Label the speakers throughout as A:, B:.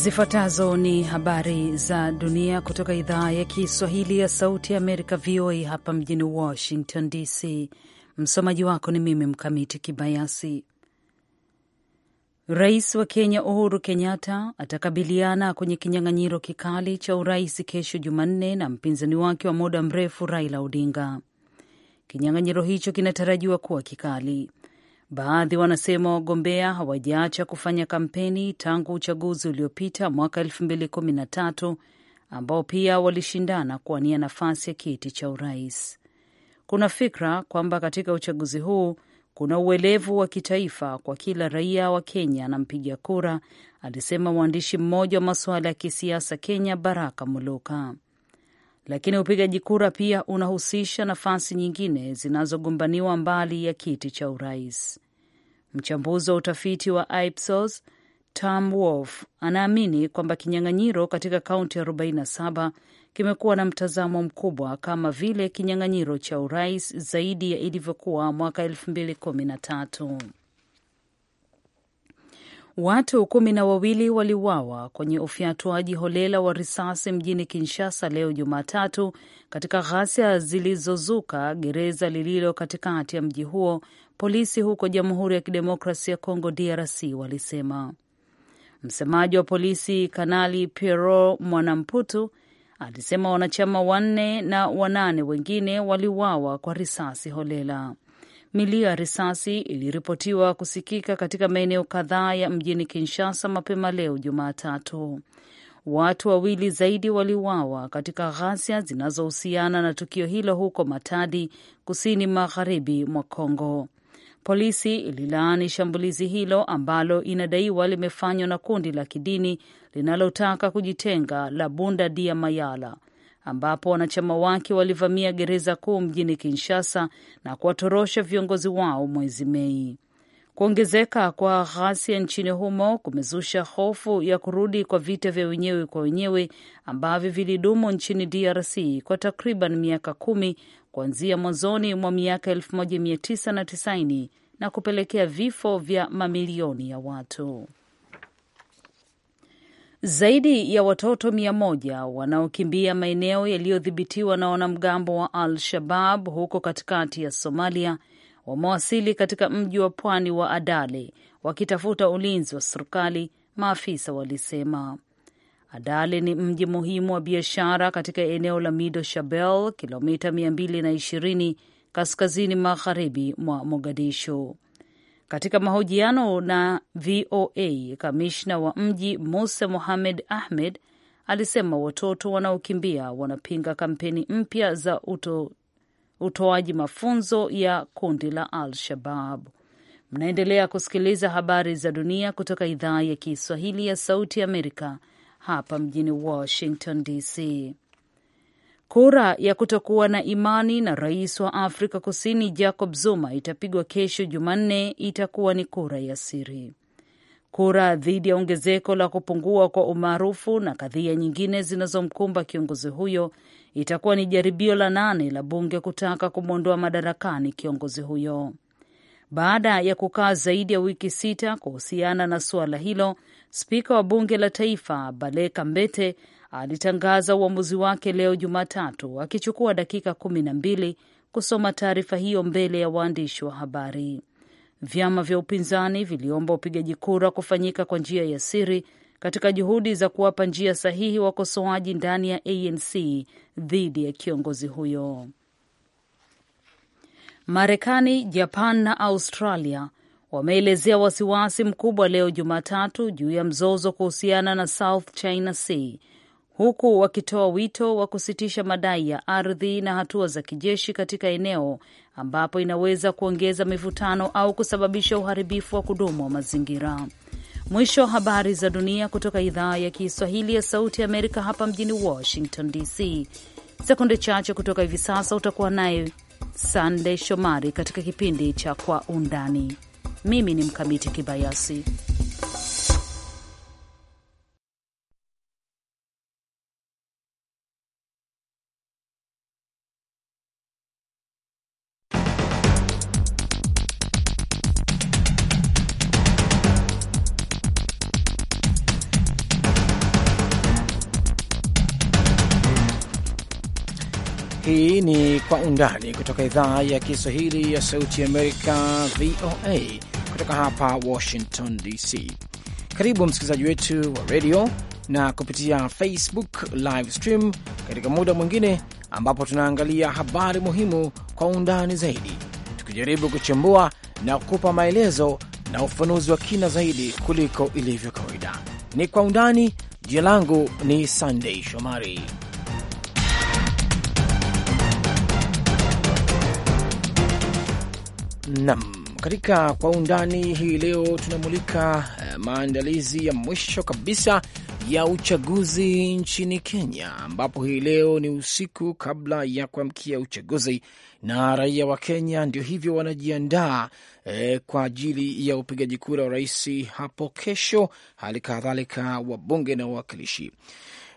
A: Zifuatazo ni habari za dunia kutoka idhaa ya Kiswahili ya Sauti ya Amerika, VOA, hapa mjini Washington DC. Msomaji wako ni mimi Mkamiti Kibayasi. Rais wa Kenya Uhuru Kenyatta atakabiliana kwenye kinyang'anyiro kikali cha urais kesho Jumanne na mpinzani wake wa muda mrefu Raila Odinga. Kinyang'anyiro hicho kinatarajiwa kuwa kikali. Baadhi wanasema wagombea hawajaacha kufanya kampeni tangu uchaguzi uliopita mwaka tatu ambao pia walishindana kuwania nafasi ya kiti cha urais. Kuna fikra kwamba katika uchaguzi huu kuna uelevu wa kitaifa kwa kila raia wa Kenya na mpiga kura, alisema mwandishi mmoja wa masuala ya kisiasa Kenya, Baraka Muluka lakini upigaji kura pia unahusisha nafasi nyingine zinazogombaniwa mbali ya kiti cha urais. Mchambuzi wa utafiti wa Ipsos Tom Wolf anaamini kwamba kinyang'anyiro katika kaunti 47 kimekuwa na mtazamo mkubwa kama vile kinyang'anyiro cha urais zaidi ya ilivyokuwa mwaka 2013. Watu kumi na wawili waliuawa kwenye ufyatuaji holela wa risasi mjini Kinshasa leo Jumatatu, katika ghasia zilizozuka gereza lililo katikati ya mji huo, polisi huko Jamhuri ya Kidemokrasi ya Kongo DRC walisema. Msemaji wa polisi Kanali piero Mwanamputu alisema wanachama wanne na wanane wengine waliuawa kwa risasi holela. Milio ya risasi iliripotiwa kusikika katika maeneo kadhaa ya mjini Kinshasa mapema leo Jumatatu. Watu wawili zaidi waliuawa katika ghasia zinazohusiana na tukio hilo huko Matadi, kusini magharibi mwa Kongo. Polisi ililaani shambulizi hilo ambalo inadaiwa limefanywa na kundi la kidini linalotaka kujitenga la Bunda Dia Mayala ambapo wanachama wake walivamia gereza kuu mjini Kinshasa na kuwatorosha viongozi wao mwezi Mei. Kuongezeka kwa ghasia nchini humo kumezusha hofu ya kurudi kwa vita vya wenyewe kwa wenyewe ambavyo vilidumu nchini DRC kwa takriban miaka kumi kuanzia mwanzoni mwa miaka 1990 na kupelekea vifo vya mamilioni ya watu. Zaidi ya watoto mia moja wanaokimbia maeneo yaliyodhibitiwa na wanamgambo wa Al Shabab huko katikati ya Somalia wamewasili katika mji wa pwani wa Adale wakitafuta ulinzi wa serikali, maafisa walisema. Adale ni mji muhimu wa biashara katika eneo la Mido Shabel, kilomita 220 kaskazini magharibi mwa Mogadishu. Katika mahojiano na VOA, kamishna wa mji Musa Mohamed Ahmed alisema watoto wanaokimbia wanapinga kampeni mpya za uto, utoaji mafunzo ya kundi la Al-Shabab. Mnaendelea kusikiliza habari za dunia kutoka idhaa ya Kiswahili ya Sauti ya Amerika hapa mjini Washington DC. Kura ya kutokuwa na imani na rais wa Afrika Kusini Jacob Zuma itapigwa kesho Jumanne, itakuwa ni kura ya siri. Kura dhidi ya ongezeko la kupungua kwa umaarufu na kadhia nyingine zinazomkumba kiongozi huyo itakuwa ni jaribio la nane la bunge kutaka kumwondoa madarakani kiongozi huyo. Baada ya kukaa zaidi ya wiki sita kuhusiana na suala hilo, spika wa bunge la taifa Baleka Mbete alitangaza uamuzi wake leo Jumatatu, akichukua dakika kumi na mbili kusoma taarifa hiyo mbele ya waandishi wa habari. Vyama vya upinzani viliomba upigaji kura kufanyika kwa njia ya siri katika juhudi za kuwapa njia sahihi wakosoaji ndani ya ANC dhidi ya kiongozi huyo. Marekani, Japan na Australia wameelezea wasiwasi mkubwa leo Jumatatu juu ya mzozo kuhusiana na South China Sea huku wakitoa wito wa kusitisha madai ya ardhi na hatua za kijeshi katika eneo ambapo inaweza kuongeza mivutano au kusababisha uharibifu wa kudumu wa mazingira. Mwisho wa habari za dunia kutoka idhaa ya Kiswahili ya Sauti ya Amerika hapa mjini Washington DC. Sekunde chache kutoka hivi sasa utakuwa naye Sandey Shomari katika kipindi cha Kwa Undani. Mimi ni Mkamiti Kibayasi.
B: Kwa Undani kutoka idhaa ya Kiswahili ya Sauti ya Amerika, VOA, kutoka hapa Washington DC. Karibu msikilizaji wetu wa redio na kupitia Facebook live stream katika muda mwingine ambapo tunaangalia habari muhimu kwa undani zaidi, tukijaribu kuchambua na kukupa maelezo na ufafanuzi wa kina zaidi kuliko ilivyo kawaida. Ni Kwa Undani. Jina langu ni Sandei Shomari. Nam, katika kwa undani hii leo tunamulika eh, maandalizi ya mwisho kabisa ya uchaguzi nchini Kenya, ambapo hii leo ni usiku kabla ya kuamkia uchaguzi, na raia wa Kenya ndio hivyo wanajiandaa eh, kwa ajili ya upigaji kura wa rais hapo kesho, hali kadhalika wabunge na wawakilishi.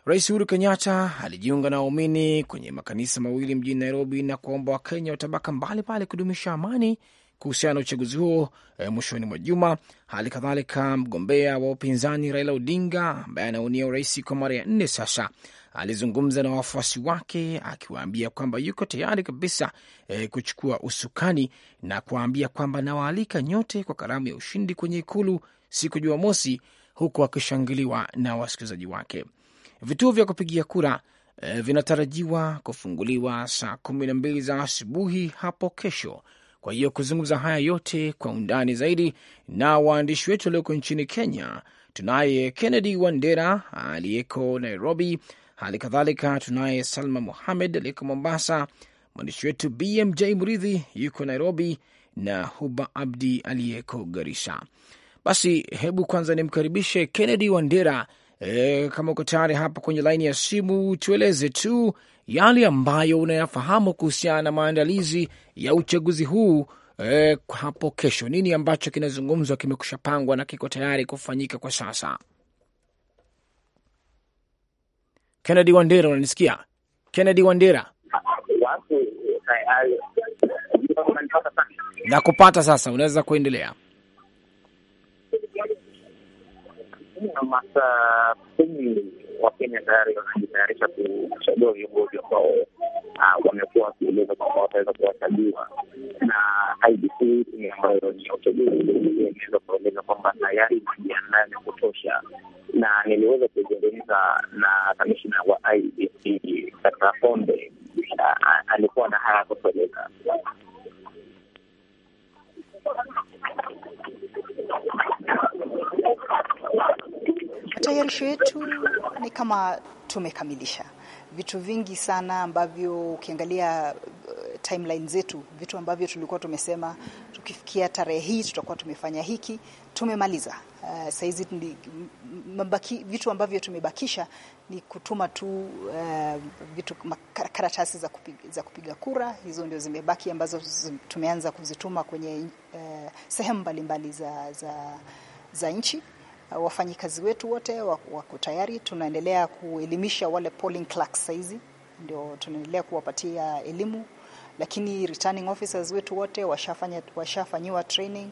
B: Rais Uhuru Kenyatta alijiunga na waumini kwenye makanisa mawili mjini Nairobi na kuwaomba Wakenya wa tabaka mbalimbali kudumisha amani kuhusiana na uchaguzi huo e, mwishoni mwa juma. Hali kadhalika mgombea wa upinzani Raila Odinga ambaye anaonia urais kwa mara ya nne sasa alizungumza na wafuasi wake akiwaambia kwamba yuko tayari kabisa e, kuchukua usukani na kuwaambia kwamba nawaalika nyote kwa karamu ya ushindi kwenye ikulu siku Jumamosi, huku akishangiliwa na wasikilizaji wake. Vituo vya kupigia kura e, vinatarajiwa kufunguliwa saa kumi na mbili za asubuhi hapo kesho kwa hiyo kuzungumza haya yote kwa undani zaidi na waandishi wetu walioko nchini Kenya, tunaye Kennedy Wandera aliyeko Nairobi, hali kadhalika tunaye Salma Muhamed aliyeko Mombasa, mwandishi wetu BMJ Mridhi yuko Nairobi na Huba Abdi aliyeko Garisa. Basi hebu kwanza nimkaribishe Kennedy Wandera E, kama uko tayari hapa kwenye laini ya simu, tueleze tu yale ambayo unayafahamu kuhusiana na maandalizi ya uchaguzi huu e, hapo kesho. Nini ambacho kinazungumzwa, kimekusha pangwa na kiko tayari kufanyika kwa sasa? Kennedy Wandera, unanisikia? Kennedy Wandera, nakupata sasa, unaweza kuendelea.
C: masaa kumi Wakenya tayari wanajitayarisha kuchagua viongozi ambao ah, wamekuwa wakieleza kwamba wataweza kuwachagua, na IBC ni ambayo ni ya uchaguzi imeweza kueleza kwamba tayari inajiandaa ya kutosha, na niliweza kuzungumza na kamishina wa IBC Kata konde ah, alikuwa na haya kutueleza.
D: Tayarisho yetu ni kama tumekamilisha vitu vingi sana ambavyo ukiangalia uh, timeline zetu, vitu ambavyo tulikuwa tumesema tukifikia tarehe hii tutakuwa tumefanya hiki, tumemaliza uh, saizi vitu ambavyo tumebakisha ni kutuma tu uh, vitu karatasi za kupiga, za kupiga kura. Hizo ndio zimebaki ambazo tumeanza kuzituma kwenye uh, sehemu mbalimbali za, za, za nchi. Uh, wafanyikazi wetu wote wako tayari. Tunaendelea kuelimisha wale polling clerks saizi, ndio tunaendelea kuwapatia elimu lakini returning officers wetu wote washafanya washafanyiwa training,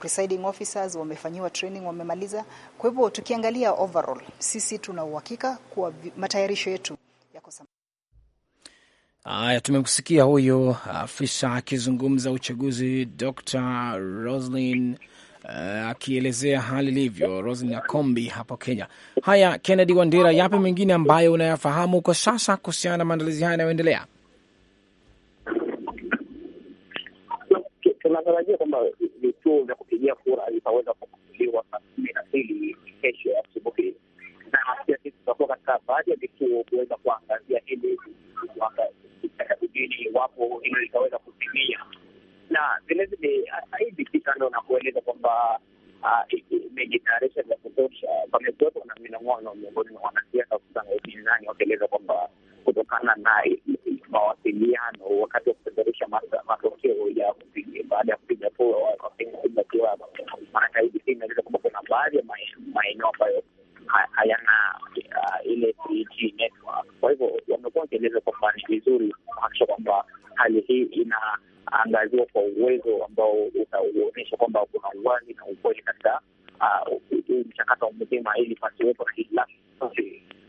D: presiding officers wamefanyiwa training, wamemaliza. Kwa hivyo tukiangalia overall, sisi tuna uhakika kuwa matayarisho yetu yako sawa.
B: Haya, tumemsikia huyo afisa akizungumza uchaguzi, Dr. Roslyn eh, akielezea uh, hali ilivyo. Roslyn Akombi hapo Kenya. Haya, Kennedy Wandera, yapi mengine ambayo unayafahamu kwa sasa kuhusiana na maandalizi haya yanayoendelea?
C: tunatarajia kwamba vituo vya kupigia kura vitaweza kufunguliwa saa kumi na mbili kesho ya asubuhi, na pia sisi tutakuwa katika baadhi ya vituo kuweza kuangazia hili katika kujini iwapo hilo litaweza kutimia, na vilevile IEBC kando na kueleza kwamba imejitayarisha vya kutosha, pamekuwepo na minong'ono miongoni mwa wanasiasa hususan wa upinzani wakieleza kwamba kutokana na mawasiliano wakati wa kupeperusha matokeo ya baada ya kupiga kura. Maanake IEBC inaeleza kwamba kuna baadhi ya maeneo ambayo hayana uh, ile 3G network. Kwa hivyo wamekuwa wakieleza kwamba ni vizuri kuhakikisha kwamba hali hii inaangaziwa kwa uwezo ambao utauonyesha kwamba kuna uwazi na ukweli katika huu uh, mchakato mzima, ili pasiwepo na hitilafu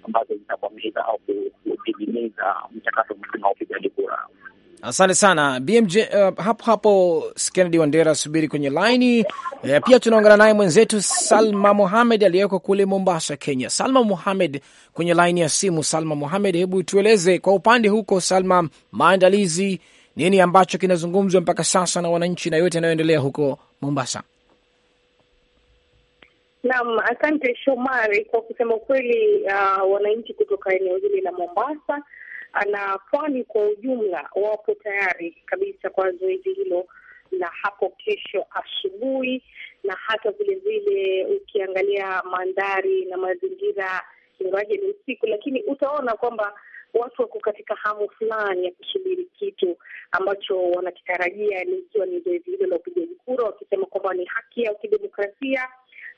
C: ambazo zinabamiza au kudidimiza mchakato mzima wa upigaji kura.
B: Asante sana BMJ. Uh, hapo hapo Kennedy Wandera, subiri kwenye laini. Uh, pia tunaongana naye mwenzetu Salma muhamed aliyeko kule Mombasa, Kenya. Salma Mohamed kwenye laini ya simu. Salma muhamed hebu tueleze kwa upande huko, Salma, maandalizi nini ambacho kinazungumzwa mpaka sasa na wananchi na yote yanayoendelea huko Mombasa?
E: Naam, asante Shomari. Kwa kusema ukweli, uh, wananchi kutoka eneo hili la Mombasa uh, na pwani kwa ujumla wapo tayari kabisa kwa zoezi hilo la hapo kesho asubuhi, na hata vilevile ukiangalia mandhari na mazingira, ingawaje ni usiku, lakini utaona kwamba watu wako katika hamu fulani ya kusubiri kitu ambacho wanakitarajia, ikiwa ni zoezi hilo la upigaji kura, wakisema kwamba ni haki ya kidemokrasia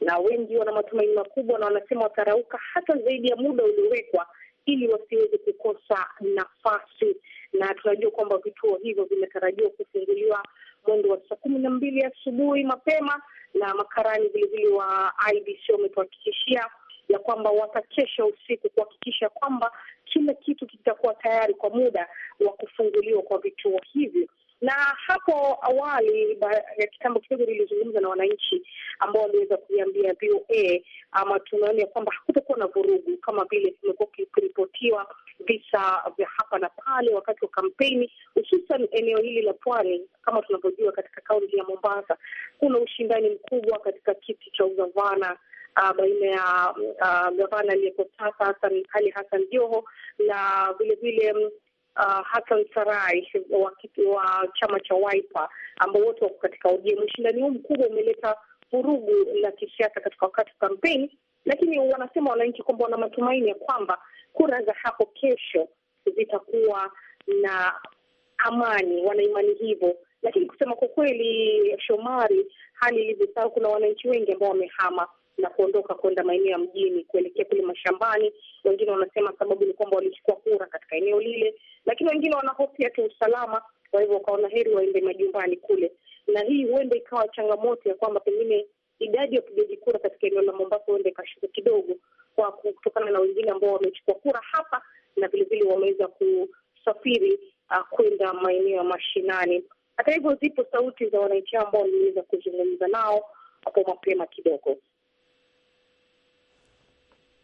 E: na wengi wana matumaini makubwa na wanasema watarauka hata zaidi ya muda uliowekwa ili wasiweze kukosa nafasi. Na tunajua kwamba vituo hivyo vimetarajiwa kufunguliwa mwendo wa saa kumi na mbili asubuhi mapema, na makarani vilevile wa IBC wametuhakikishia ya kwamba watakesha usiku kuhakikisha kwamba kila kitu kitakuwa tayari kwa muda wa kufunguliwa kwa vituo hivyo. Na hapo awali kitambo kidogo nilizungumza na wananchi ambao waliweza kuiambia VOA ama tunaona kwamba hakutakuwa na vurugu kama vile kumekuwa kuripotiwa visa vya hapa na pale wakati wa kampeni, hususan eneo hili la pwani. Kama tunavyojua, katika kaunti ya Mombasa kuna ushindani mkubwa katika kiti cha ugavana Uh, baina ya uh, gavana aliyeko sasa Ali Hassan Joho na vilevile mm, uh, Hassan Sarai wa chama cha Wiper ambao wote wako katika ODM. Ushindani huu mkubwa umeleta vurugu la kisiasa katika wakati wa kampeni, lakini wanasema wananchi kwamba wana matumaini ya kwamba kura za hapo kesho zitakuwa na amani, wanaimani hivyo. Lakini kusema kwa kweli, Shomari, hali ilivyo sasa, kuna wananchi wengi ambao wamehama na kuondoka kwenda maeneo ya mjini kuelekea kule mashambani. Wengine wanasema sababu ni kwamba walichukua kura katika eneo lile, lakini wengine wanahofia tu usalama, kwa hivyo wakaona heri waende majumbani kule, na hii huenda ikawa changamoto ya kwamba pengine idadi ya wapigaji kura katika eneo la Mombasa huenda ikashuka kidogo, kwa kutokana na wengine ambao wamechukua kura hapa na vilevile wameweza kusafiri uh, kwenda maeneo ya mashinani. Hata hivyo, zipo sauti za wananchi ambao niliweza kuzungumza nao hapo mapema kidogo.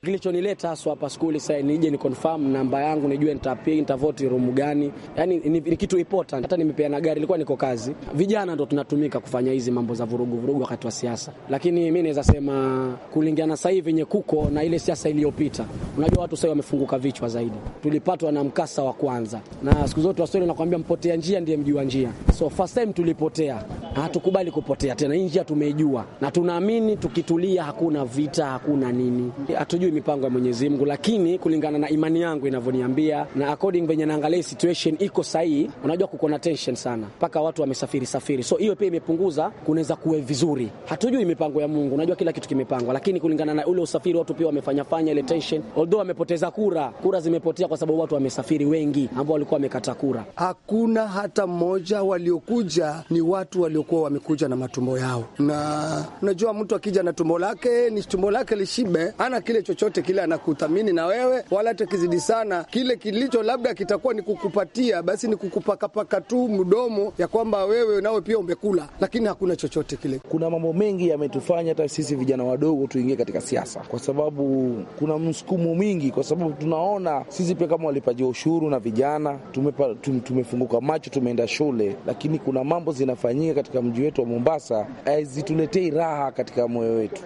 F: Kilichonileta haswa hapa skuli sasa nije ni confirm namba yangu, nijue nitapia nitavoti room gani. Yani ni, ni kitu important. Hata nimepeana gari, ilikuwa niko kazi. Vijana ndo tunatumika kufanya hizi mambo za vurugu vurugu wakati wa siasa, lakini mimi naweza sema kulingana sasa hivi yenye kuko na ile siasa iliyopita, unajua watu sasa wamefunguka vichwa zaidi. Tulipatwa na mkasa wa kwanza, na siku zote Waswahili nakwambia mpotea njia ndiye mjua njia. So first time tulipotea, hatukubali kupotea tena. Hii njia tumeijua na tunaamini tukitulia, hakuna vita, hakuna nini, hatujui mipango ya Mwenyezi Mungu, lakini kulingana na imani yangu inavyoniambia na according venye naangalia situation iko sahihi. Unajua kuko na tension sana mpaka watu wamesafiri safiri, so hiyo pia imepunguza, kunaweza kuwe vizuri. Hatujui mipango ya Mungu, unajua kila kitu kimepangwa, lakini kulingana na ule usafiri watu pia wamefanya fanya ile tension, although wamepoteza kura, kura zimepotea kwa sababu watu wamesafiri wengi ambao walikuwa wamekata kura. Hakuna hata mmoja waliokuja, ni watu waliokuwa wamekuja na matumbo yao, na unajua mtu akija na tumbo lake ni tumbo lake lishibe, ana kile cho chochote kile anakuthamini na wewe, wala hata kizidi sana kile kilicho labda kitakuwa ni kukupatia, basi ni kukupakapaka tu mdomo ya kwamba wewe nawe pia umekula, lakini hakuna chochote kile. Kuna mambo mengi yametufanya hata sisi vijana wadogo tuingie katika siasa, kwa sababu kuna msukumo mwingi, kwa sababu tunaona sisi pia kama walipaji ushuru na vijana tumepa, tum, tumefunguka macho, tumeenda shule, lakini kuna mambo zinafanyika katika mji wetu wa Mombasa hazituletei raha katika moyo wetu.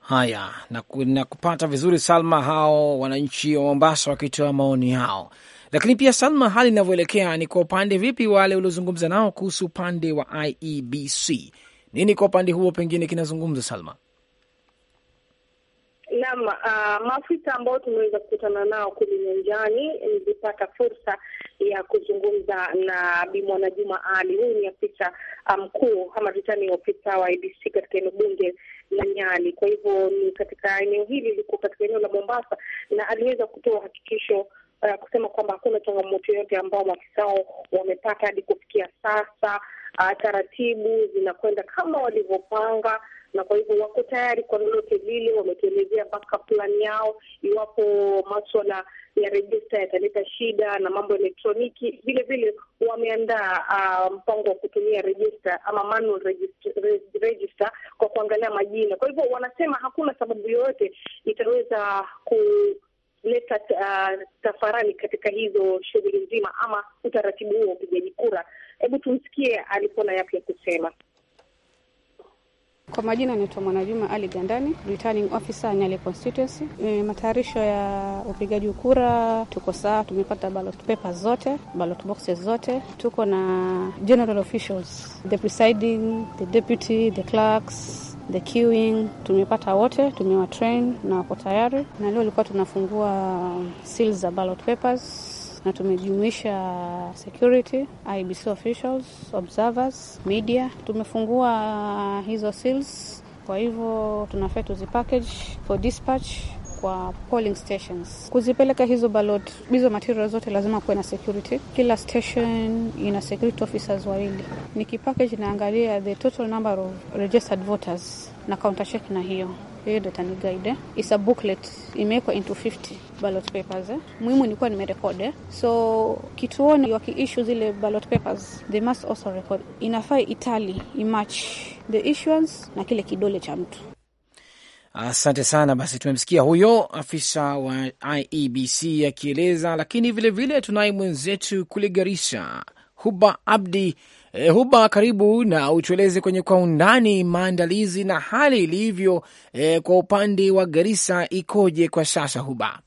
B: Haya, na, na kupata vizuri Salma, hao wananchi wa Mombasa wakitoa maoni yao. Lakini pia Salma, hali inavyoelekea ni kwa upande vipi wale uliozungumza nao kuhusu upande wa IEBC? Nini kwa upande huo pengine kinazungumza Salma?
E: Naam, uh, maafisa ambao tumeweza kukutana nao kule nyanjani, nilipata fursa ya kuzungumza na Bi juma Ali. Huyu ni afisa uh, mkuu um, ama tutani ofisa wa IBC e katika eneo bunge na Nyali. Kwa hivyo ni katika eneo hili, liko katika eneo la Mombasa, na aliweza kutoa hakikisho uh, kusema kwamba hakuna changamoto yoyote ambao maafisa wamepata hadi kufikia sasa uh, taratibu zinakwenda kama walivyopanga, na kwa hivyo wako tayari kwa lolote lile. Wametuelezea mpaka plan yao, iwapo maswala ya rejista yataleta shida na mambo elektroniki. Vile vile wameandaa uh, mpango wa kutumia rejista ama manual rejista kwa kuangalia majina. Kwa hivyo wanasema hakuna sababu yoyote itaweza ku leta uh, ah, tafarani katika hizo shughuli nzima ama utaratibu huo wa upigaji kura, Hebu tumsikie alikuwa na yapi ya kusema.
G: Kwa majina anaitwa Mwanajuma Ali Gandani, returning officer Nyali constituency. E, matayarisho ya upigaji kura tuko sawa, tumepata ballot paper zote, ballot boxes zote. Tuko na general officials, the presiding, the deputy, the clerks the queuing tumepata wote, tumewatrain na wako tayari, na leo ilikuwa tunafungua seals za ballot papers na tumejumuisha security, IBC officials, observers, media. Tumefungua uh, hizo seals, kwa hivyo tunafaa tuzipackage for dispatch kwa polling stations kuzipeleka hizo ballot. Hizo material zote lazima kuwe na security. Kila station ina security officers wawili. kipackage inaangalia the total number of registered voters na counter check na hiyo yeye ndo guide. It's a booklet imewekwa into 50 ballot papers Muhimu ni nilikuwa nimerekode So kituoni wakiissue zile ballot papers they must also record, inafaa itali imatch the issuance na kile kidole cha mtu.
B: Asante sana. Basi tumemsikia huyo afisa wa IEBC akieleza, lakini vilevile tunaye mwenzetu kule Garissa, Huba Abdi E, Huba, karibu na utueleze kwenye kwa undani maandalizi na hali ilivyo e, kwa upande wa Garissa ikoje kwa sasa Huba?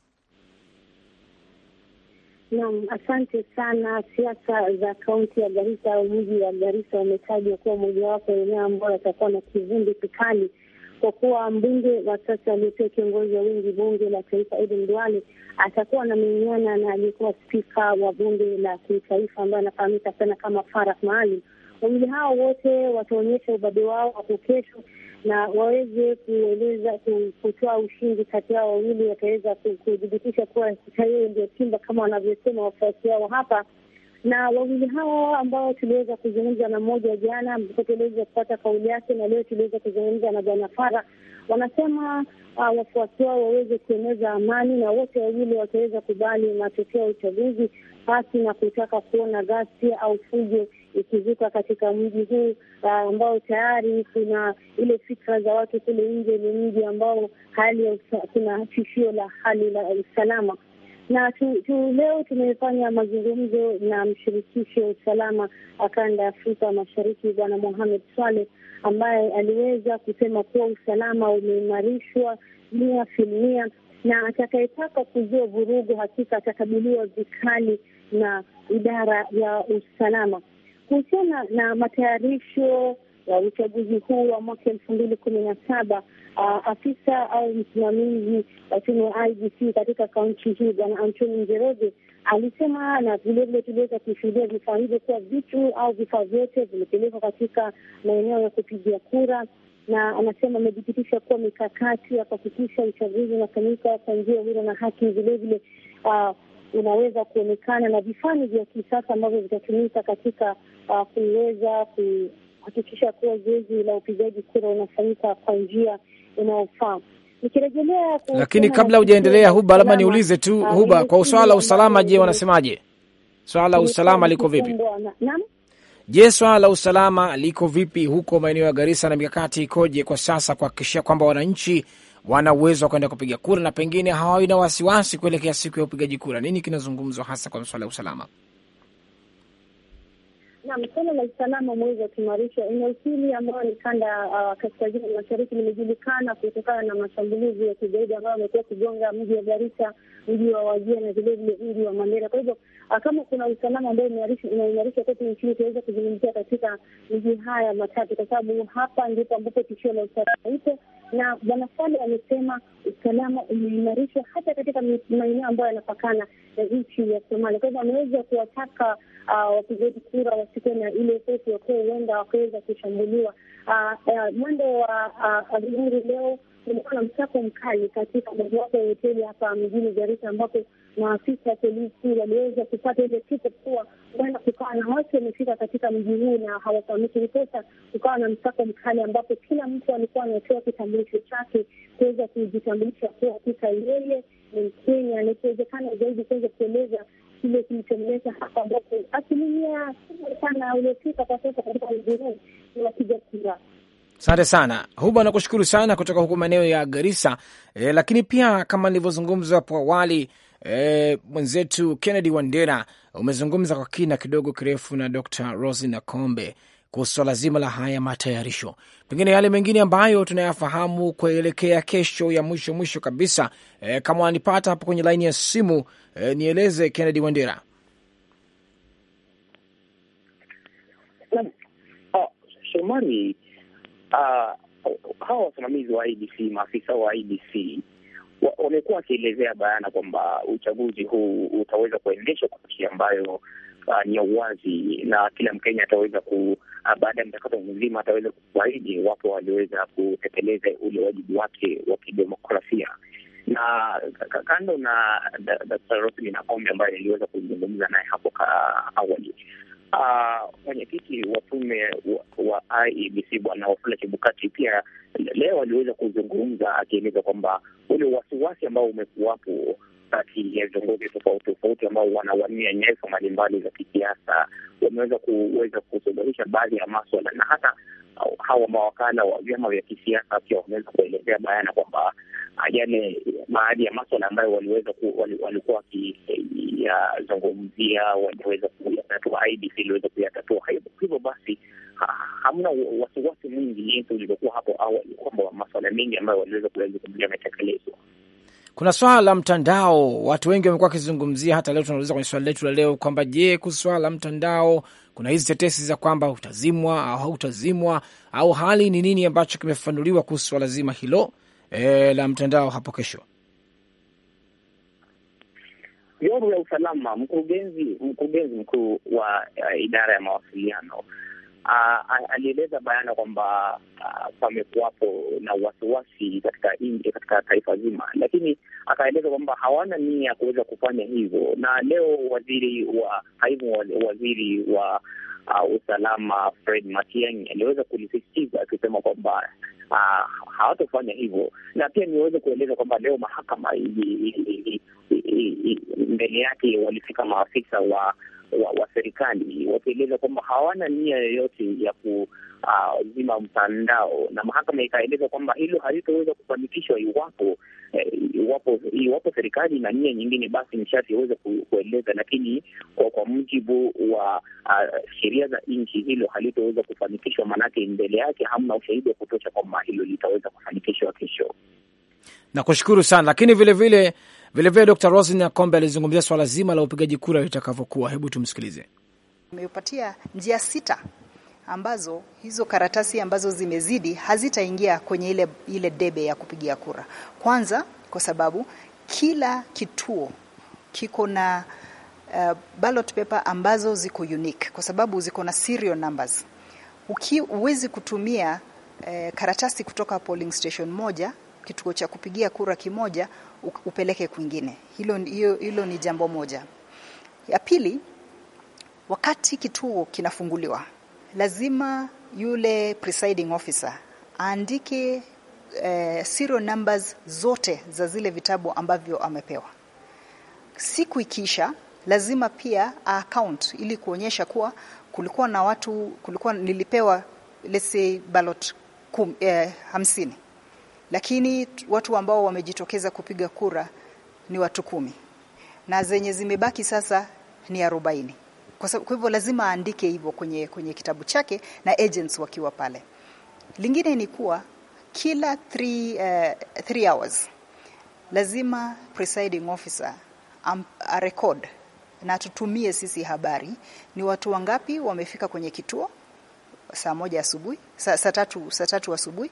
H: Naam, asante sana. Siasa za kaunti ya Garissa au mji wa Garissa umetajwa kuwa mojawapo eneo ambayo yatakuwa na kivumbi kikali isipokuwa mbunge wa sasa aliyekuwa kiongozi wa wingi bunge la taifa Edin Duale atakuwa anamenyana na aliyekuwa spika wa bunge la kitaifa ambaye anafahamika sana kama Farak Maalim. Wawili hao wote wataonyesha ubabe wao hapo kesho na waweze kueleza kutoa ushindi kati yao wawili, wataweza kudhibitisha kuwa Chayo ndio Simba kama wanavyosema wafuasi wao hapa na wawili hao ambao tuliweza kuzungumza na mmoja jana, ambapo tuliweza kupata kauli yake, na leo tuliweza kuzungumza na bwana Fara, wanasema uh, wafuasi wao waweze kueneza amani na wote wawili wataweza kubali matokeo ya uchaguzi pasi na kutaka kuona ghasia au fujo ikizuka katika mji huu ah, ambao tayari kuna ile fikra za watu kule nje. Ni mji ambao hali kuna tishio la hali la usalama na tu, tu leo tumefanya mazungumzo na mshirikisho wa usalama wa kanda ya Afrika Mashariki, Bwana Mohamed swale ambaye aliweza kusema kuwa usalama umeimarishwa mia filmia na atakayetaka kuzua vurugu hakika atakabiliwa vikali na idara ya usalama. Kuhusiana na matayarisho wa uchaguzi huu wa mwaka elfu mbili kumi na saba. Uh, afisa au msimamizi wa tume ya IBC katika kaunti hii Bwana Antoni Njeroge alisema, na vilevile tuliweza kushuhudia vifaa hivyo kuwa vitu au vifaa vyote vimepelekwa katika maeneo ya kupigia kura na anasema amejipitisha kuwa mikakati ya kuhakikisha uchaguzi unafanyika kwa njia huru na haki vilevile uh, unaweza kuonekana na vifani vya kisasa ambavyo vitatumika katika uh, kuweza ku kuhakikisha kuwa zoezi la upigaji kura unafanyika kwa njia inayofaa. Nikirejelea, lakini kabla hujaendelea, Huba, labda niulize tu ah, Huba, kwa swala la
B: usalama, je, wanasemaje? Swala la usalama liko vipi? Je, swala la usalama liko vipi huko maeneo ya Garissa na mikakati ikoje kwa sasa kuhakikishia kwamba wananchi wana uwezo wa kwenda kupiga kura na pengine hawawi na wasiwasi kuelekea siku ya upigaji kura? Nini kinazungumzwa hasa kwa swala ya usalama?
H: Nam, suala la usalama umeweza kuimarishwa eneo hili ambayo ni kanda uh, kaskazini mashariki limejulikana kutokana na mashambulizi ya kigaidi ambayo amekuwa kugonga mji wa Garissa mji wa Wajia na vilevile mji wa Mandera. Kwa hivyo ah, kama kuna usalama ambao inaimarisha kote nchini, tunaweza kuzungumzia katika miji haya matatu, kwa sababu hapa ndipo ambapo tishio la usalama ipo na Bwana amesema usalama umeimarishwa hata katika maeneo ambayo yanapakana na nchi ya Somalia. Kwa hivyo ameweza kuwataka ah, wapigaji kura wasikuwe na ile hofu ya kuwa huenda wakaweza kushambuliwa. Ah, mwendo wa adhuhuri leo kulikuwa na msako mkali katika mojawapo ya hoteli hapa mjini Garissa, ambapo maafisa ya polisi waliweza kupata ile tiko kuwa huenda kukawa na watu wamefika katika mji huu na hawafahamiki, ndiposa kukawa na msako mkali ambapo kila mtu alikuwa anatoa kitambulisho chake kuweza kujitambulisha kuwa hakika yeye ni Mkenya, na ikiwezekana zaidi kuweza kueleza kile kilichomleta hapa, ambapo asilimia kubwa sana uliofika kwa sasa katika mji huu ni wapiga kura.
B: Asante sana Huba, nakushukuru sana kutoka huko maeneo ya Garissa. E, lakini pia kama nilivyozungumza hapo awali e, mwenzetu Kennedy Wandera, umezungumza kwa kina kidogo kirefu na Dr. Rosi Nakombe kuhusu swala zima la haya matayarisho, pengine yale mengine ambayo tunayafahamu kuelekea kesho ya mwisho mwisho kabisa. E, kama wanipata hapo kwenye laini ya simu e, nieleze Kennedy Wandera.
C: Ah, Shomari, uh, hawa wasimamizi wa IBC, maafisa wa IBC wamekuwa wakielezea bayana kwamba uchaguzi huu utaweza kuendeshwa kwa njia ambayo Uh, ni ya uwazi na kila Mkenya ataweza ku uh, baada ya mchakato mzima ataweza kufaidi wapo waliweza kutekeleza ule wajibu wake wa kidemokrasia. Na kando na Daktari na kombe ambaye niliweza kuzungumza naye hapo awali, Uh, mwenyekiti wa tume wa IEBC Bwana Wafula Chebukati pia leo aliweza kuzungumza akieleza kwamba ule wasiwasi ambao umekuwapo kati ya viongozi tofauti tofauti ambao wanawania nyadhifa mbalimbali za kisiasa wameweza kuweza kusuluhisha baadhi ya maswala na hata hawa mawakala wa vyama vya kisiasa pia wameweza kuelezea bayana kwamba yale baadhi ya maswala ambayo waliweza walikuwa wakiyazungumzia waliweza kuyatatua, IDC iliweza kuyatatua. Hivyo basi hamna wasiwasi mwingi jinsi ulivyokuwa hapo awali kwamba maswala mengi ambayo waliweza kuyazungumzia
B: yametekelezwa. Kuna swala la mtandao, watu wengi wamekuwa wakizungumzia, hata leo tunauliza kwenye swali letu la leo kwamba je, kuhusu swala la mtandao, kuna hizi tetesi za kwamba utazimwa au hautazimwa, au hali ni nini ambacho kimefanuliwa kuhusu swala zima hilo? e, la mtandao hapo kesho.
C: Vyombo vya usalama, mkurugenzi mkurugenzi mkuu wa uh, idara ya mawasiliano uh, alieleza bayana kwamba uh, pamekuwapo na wasiwasi katika inje, katika taifa zima, lakini akaeleza kwamba hawana nia ya kuweza kufanya hivyo. Na leo waziri wa kaimu waziri wa uh, usalama Fred Matiang'i aliweza kulisisitiza akisema kwamba uh, hawatofanya hivyo, na pia niweze kueleza kwamba leo mahakama mbele yake walifika maafisa wa wa, wa serikali wakieleza kwamba hawana nia yoyote ya kuzima ah, uh, mtandao, na mahakama ikaeleza kwamba hilo halitoweza kufanikishwa iwapo eh, iwapo iwapo serikali na nia nyingine, basi nishati iweze ku, kueleza, lakini kwa, kwa mujibu wa uh, sheria za nchi hilo halitoweza kufanikishwa, maanake mbele yake hamna ushahidi wa kutosha kwamba hilo litaweza kufanikishwa kesho.
B: Nakushukuru sana, lakini vilevile vile... Vilevile Dr. Rosina Kombe alizungumzia swala zima la upigaji kura litakavyokuwa. Hebu tumsikilize.
D: Umepatia njia sita ambazo hizo karatasi ambazo zimezidi hazitaingia kwenye ile, ile debe ya kupigia kura. Kwanza, kwa sababu kila kituo kiko na uh, ballot paper ambazo ziko unique kwa sababu ziko na serial numbers. Uki huwezi kutumia uh, karatasi kutoka polling station moja kituo cha kupigia kura kimoja upeleke kwingine. Hilo, hilo, hilo ni jambo moja. Ya pili, wakati kituo kinafunguliwa lazima yule presiding officer aandike eh, serial numbers zote za zile vitabu ambavyo amepewa. Siku ikiisha lazima pia account ili kuonyesha kuwa kulikuwa na watu kulikuwa nilipewa let's say ballot kum, eh, hamsini lakini watu ambao wamejitokeza kupiga kura ni watu kumi na zenye zimebaki sasa ni arobaini. Kwa sababu kwa hivyo lazima aandike hivyo kwenye, kwenye kitabu chake na agents wakiwa pale. Lingine ni kuwa kila three, uh, three hours lazima presiding officer am, a record na tutumie sisi habari ni watu wangapi wamefika kwenye kituo saa moja asubuhi, saa tatu, saa tatu asubuhi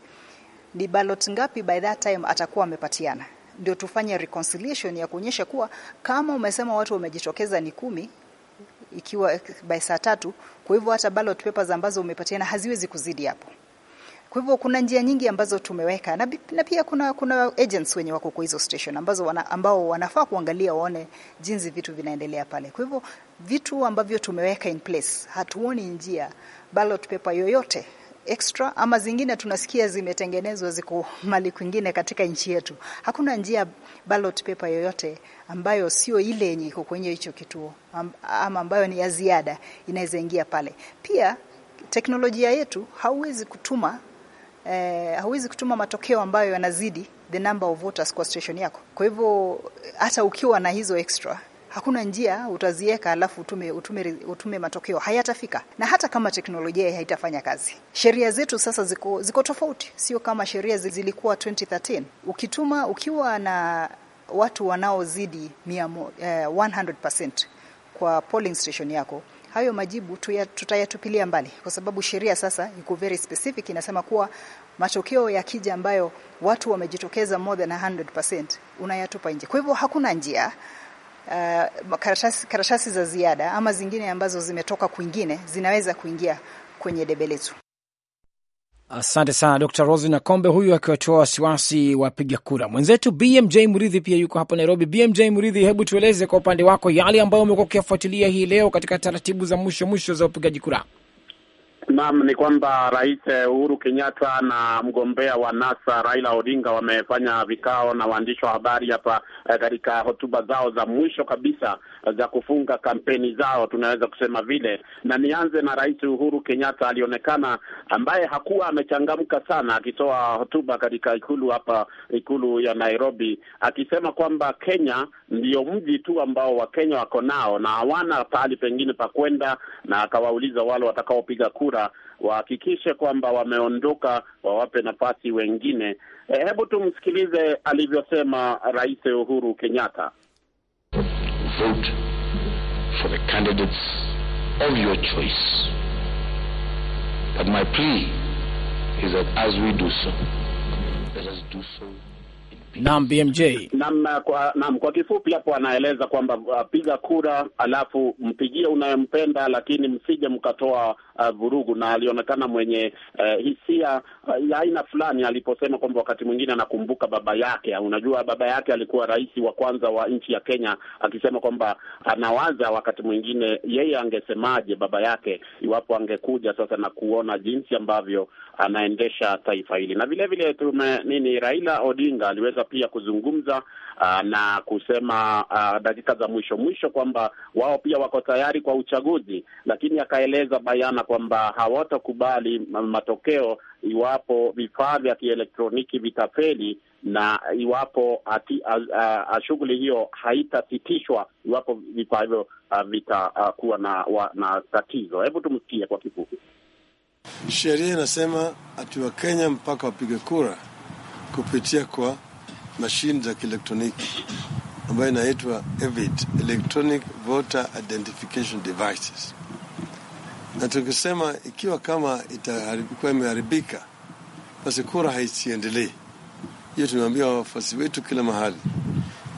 D: ni ballot ngapi by that time atakuwa amepatiana, ndio tufanye reconciliation ya kuonyesha kuwa kama umesema watu wamejitokeza ni kumi ikiwa by saa tatu, kwa hivyo hata ballot papers ambazo umepatiana haziwezi kuzidi hapo. Kwa hivyo kuna njia nyingi ambazo tumeweka na, na pia kuna, kuna agents wenye wako kwa hizo station ambazo wana, ambao wanafaa kuangalia waone jinsi vitu vinaendelea pale. Kwa hivyo vitu ambavyo tumeweka in place, hatuoni njia ballot paper yoyote extra ama zingine tunasikia zimetengenezwa ziko mali kwingine katika nchi yetu. Hakuna njia ballot paper yoyote ambayo sio ile yenye iko kwenye hicho kituo ama ambayo ni ya ziada inaweza ingia pale. Pia teknolojia yetu hauwezi kutuma eh, hauwezi kutuma matokeo ambayo yanazidi the number of voters kwa station yako. Kwa hivyo hata ukiwa na hizo extra hakuna njia utaziweka alafu utume, utume, utume matokeo hayatafika, na hata kama teknolojia haitafanya kazi. Sheria zetu sasa ziko, ziko tofauti, sio kama sheria zilikuwa 2013. Ukituma ukiwa na watu wanaozidi 100% eh, kwa polling station yako hayo majibu tutayatupilia mbali kwa sababu sheria sasa iko very specific, inasema kuwa matokeo ya kija ambayo watu wamejitokeza more than 100% unayatupa nje. Kwa hivyo hakuna njia uh, eh, karatasi, karatasi za ziada ama zingine ambazo zimetoka kwingine zinaweza kuingia kwenye debe letu.
B: Asante sana Dr. Rosi na Kombe, huyu akiwatoa wasiwasi wapiga kura. Mwenzetu BMJ mridhi pia yuko hapa Nairobi. BMJ mridhi hebu tueleze kwa upande wako yale ambayo umekuwa ukiyafuatilia hii leo katika taratibu za mwisho mwisho za upigaji kura.
I: Naam, ni kwamba Rais eh, Uhuru Kenyatta na mgombea wa NASA Raila Odinga wamefanya vikao na waandishi wa habari hapa eh, katika hotuba zao za mwisho kabisa eh, za kufunga kampeni zao, tunaweza kusema vile. Na nianze na Rais Uhuru Kenyatta, alionekana ambaye hakuwa amechangamka sana akitoa hotuba katika ikulu hapa, ikulu ya Nairobi, akisema kwamba Kenya ndio mji tu ambao Wakenya wako nao na hawana pahali pengine pa kwenda, na akawauliza wale watakaopiga kura kura wahakikishe kwamba wameondoka, wawape nafasi wengine. E, hebu tumsikilize alivyosema Rais Uhuru Kenyatta. Vote
C: for the candidates of your choice. But my
I: plea is that as we do so, let us do so
B: Naam, BMJ.
I: Naam, kwa, naam, kwa kifupi hapo anaeleza kwamba uh, piga kura alafu mpigie unayempenda, lakini msije mkatoa uh, vurugu. na alionekana mwenye uh, hisia uh, ya aina fulani aliposema kwamba wakati mwingine anakumbuka baba yake. Unajua baba yake alikuwa rais wa kwanza wa nchi ya Kenya, akisema kwamba anawaza wakati mwingine yeye angesemaje baba yake iwapo angekuja sasa na kuona jinsi ambavyo anaendesha taifa hili, na vile vile tume nini Raila Odinga aliweza wameweza pia kuzungumza uh, na kusema uh, dakika za mwisho mwisho kwamba wao pia wako tayari kwa uchaguzi, lakini akaeleza bayana kwamba hawatakubali matokeo iwapo vifaa vya kielektroniki vitafeli na iwapo shughuli hiyo haitasitishwa iwapo vifaa hivyo uh, vitakuwa na, na tatizo. Hebu tumsikie kwa kifupi.
D: Sheria inasema ati Wakenya mpaka wapige kura kupitia kwa mashine za kielektroniki ambayo inaitwa EVID, electronic voter identification devices. Na tukisema ikiwa kama itakuwa imeharibika, basi kura haisiendelee. Hiyo tumeambia wafuasi wetu kila mahali,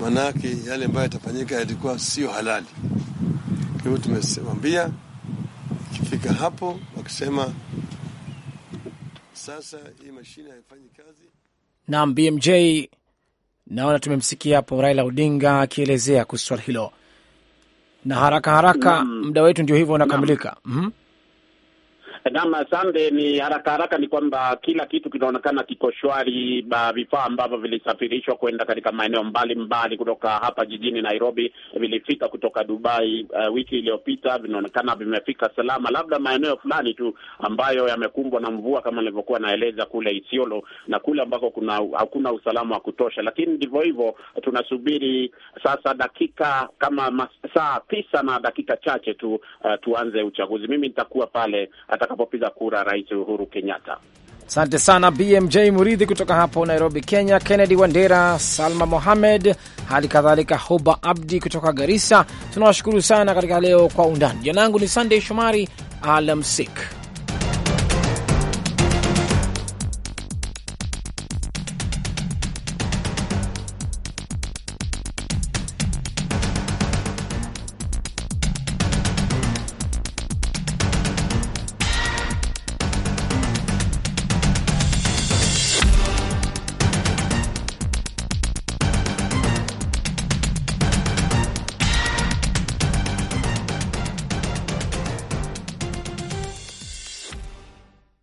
D: manake yale ambayo yatafanyika yalikuwa sio halali. Kwa hivyo tumewambia ikifika hapo, wakisema sasa hii mashine haifanyi kazi,
B: naam BMJ Naona tumemsikia hapo Raila Odinga akielezea kuhusu swala hilo, na haraka haraka muda mm. wetu ndio hivyo unakamilika mm -hmm.
I: Naam, asante. Ni haraka haraka, ni kwamba kila kitu kinaonekana kiko shwari. Vifaa ambavyo vilisafirishwa kwenda katika maeneo mbalimbali kutoka hapa jijini Nairobi vilifika kutoka Dubai uh, wiki iliyopita, vinaonekana vimefika salama, labda maeneo fulani tu ambayo yamekumbwa na mvua kama nilivyokuwa naeleza kule Isiolo na kule ambako kuna hakuna usalama wa kutosha, lakini ndivyo hivyo, tunasubiri sasa dakika kama saa tisa na dakika chache tu uh, tuanze uchaguzi. Mimi nitakuwa pale ataka atakapopiga kura Rais Uhuru
B: Kenyatta. Asante sana BMJ Muridhi kutoka hapo Nairobi, Kenya, Kennedy Wandera, Salma Mohamed, hali kadhalika Hoba Abdi kutoka Garissa. Tunawashukuru sana katika leo kwa undani. Jina langu ni sandey Shomari, alamsik.